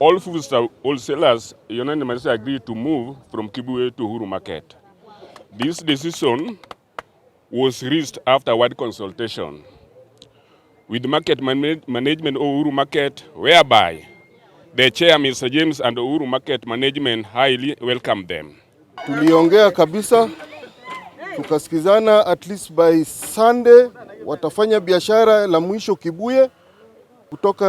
All food wholesalers unanimously agreed to move from Kibuwe to Uhuru Market. This decision was reached after wide consultation with market man management of Uhuru Market, whereby the chair Mr. James and Uhuru Market management highly welcome them. Tuliongea kabisa tukasikizana, at least by Sunday watafanya biashara la mwisho Kibuye kutoka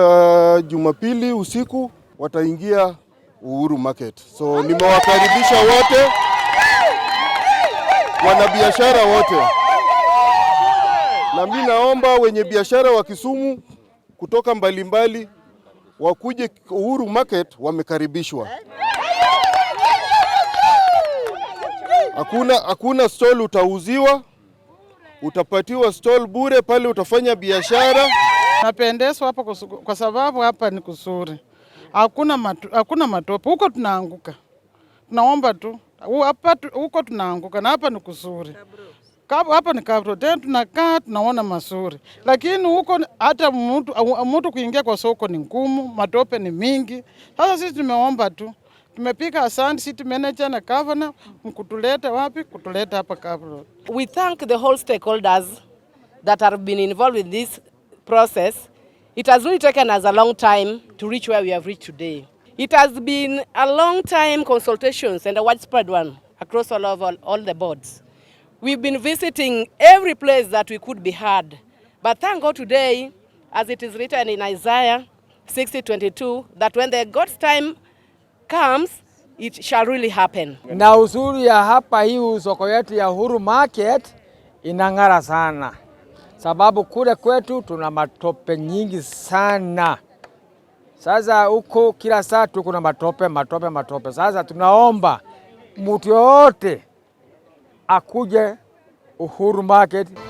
Jumapili usiku wataingia Uhuru Market. So nimewakaribisha wote, wanabiashara wote, na mimi naomba wenye biashara wa Kisumu kutoka mbalimbali mbali, wakuje Uhuru Market, wamekaribishwa. Hakuna, hakuna stall utauziwa, utapatiwa stall bure pale, utafanya biashara. napendeswa hapa kwa sababu hapa ni kusuri hakuna matu, hakuna matope huko, tunaanguka tunaomba tu hapa huko tunaanguka, na hapa ni kuzuri hapa ni kabro tena, tunakaa tunaona mazuri, lakini huko hata mtu kuingia kwa soko ni ngumu, matope ni mingi. Sasa sisi tumeomba tu, tumepika asante city manager na kavana, mkutuleta wapi, kutuleta hapa kabro. We thank the whole stakeholders that have been involved in this process It has really taken us a long time to reach where we have reached today. It has been a long time consultations and a widespread one across all of all, all the boards. We've been visiting every place that we could be heard. But thank God today, as it is written in Isaiah 60:22, that when the God's time comes, it shall really happen. Na uzuri ya hapa hii soko yetu ya Uhuru Market inang'ara sana sababu kule kwetu tuna matope nyingi sana. Sasa huko kila saa tu kuna matope matope matope. Sasa tunaomba mtu yoyote akuje Uhuru Market.